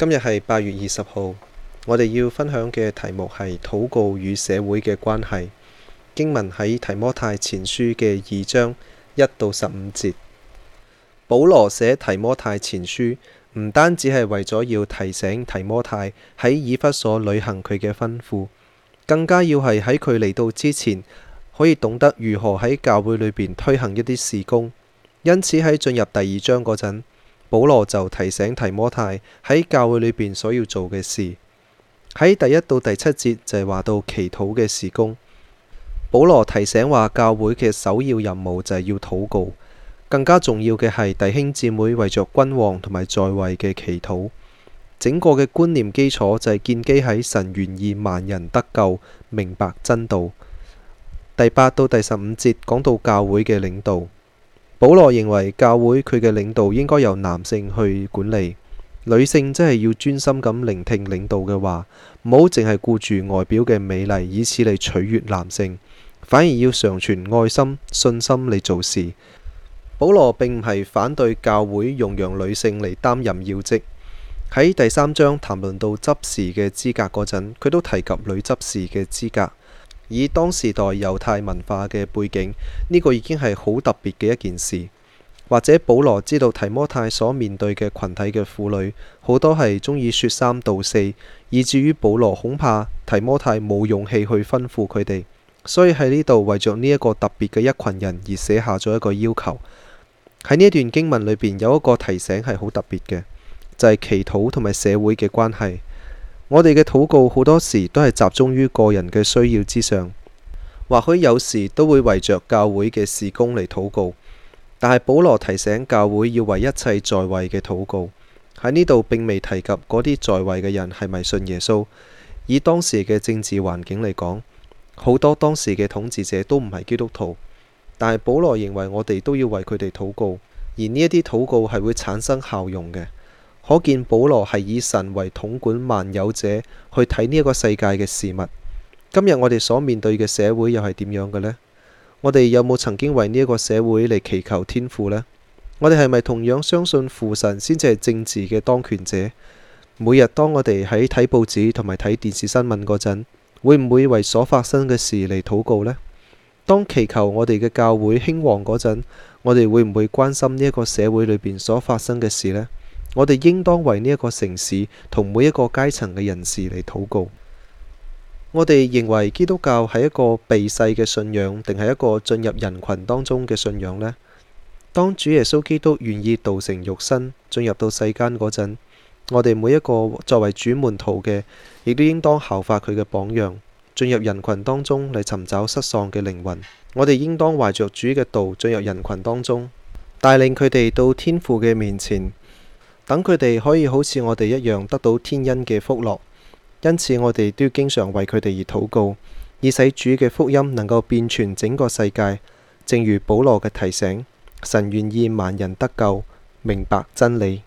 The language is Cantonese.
今日係八月二十號，我哋要分享嘅題目係禱告與社會嘅關係。經文喺提摩太前書嘅二章一到十五節。保羅寫提摩太前書，唔單止係為咗要提醒提摩太喺以弗所履行佢嘅吩咐，更加要係喺佢嚟到之前，可以懂得如何喺教會裏邊推行一啲事工。因此喺進入第二章嗰陣。保羅就提醒提摩太喺教會裏邊所要做嘅事，喺第一到第七節就係話到祈禱嘅事工。保羅提醒話教會嘅首要任務就係要禱告，更加重要嘅係弟兄姊妹為着君王同埋在位嘅祈禱。整個嘅觀念基礎就係建基喺神願意萬人得救、明白真道。第八到第十五節講到教會嘅領導。保羅認為教會佢嘅領導應該由男性去管理，女性真係要專心咁聆聽領導嘅話，唔好淨係顧住外表嘅美麗，以此嚟取悅男性，反而要常存愛心、信心嚟做事。保羅並唔係反對教會容讓女性嚟擔任要職，喺第三章談論到執事嘅資格嗰陣，佢都提及女執事嘅資格。以當時代猶太文化嘅背景，呢個已經係好特別嘅一件事。或者保羅知道提摩太所面對嘅群體嘅婦女，好多係中意說三道四，以至於保羅恐怕提摩太冇勇氣去吩咐佢哋。所以喺呢度為著呢一個特別嘅一群人而寫下咗一個要求。喺呢一段經文裏邊有一個提醒係好特別嘅，就係祈禱同埋社會嘅關係。我哋嘅禱告好多時都係集中於個人嘅需要之上，或許有時都會為着教會嘅事工嚟禱告，但係保羅提醒教會要為一切在位嘅禱告。喺呢度並未提及嗰啲在位嘅人係咪信耶穌。以當時嘅政治環境嚟講，好多當時嘅統治者都唔係基督徒，但係保羅認為我哋都要為佢哋禱告，而呢一啲禱告係會產生效用嘅。可見保羅係以神為統管萬有者去睇呢一個世界嘅事物。今日我哋所面對嘅社會又係點樣嘅呢？我哋有冇曾經為呢一個社會嚟祈求天父呢？我哋係咪同樣相信父神先至係政治嘅當權者？每日當我哋喺睇報紙同埋睇電視新聞嗰陣，會唔會為所發生嘅事嚟禱告呢？當祈求我哋嘅教會興旺嗰陣，我哋會唔會關心呢一個社會裏邊所發生嘅事呢？我哋應當為呢一個城市同每一個階層嘅人士嚟禱告。我哋認為基督教係一個避世嘅信仰，定係一個進入人群當中嘅信仰呢？當主耶穌基督願意道成肉身進入到世間嗰陣，我哋每一個作為主門徒嘅，亦都應當效法佢嘅榜樣，進入人群當中嚟尋找失喪嘅靈魂。我哋應當懷着主嘅道進入人群當中，帶領佢哋到天父嘅面前。等佢哋可以好似我哋一樣得到天恩嘅福樂，因此我哋都要經常為佢哋而禱告，以使主嘅福音能夠遍傳整個世界。正如保羅嘅提醒，神願意萬人得救，明白真理。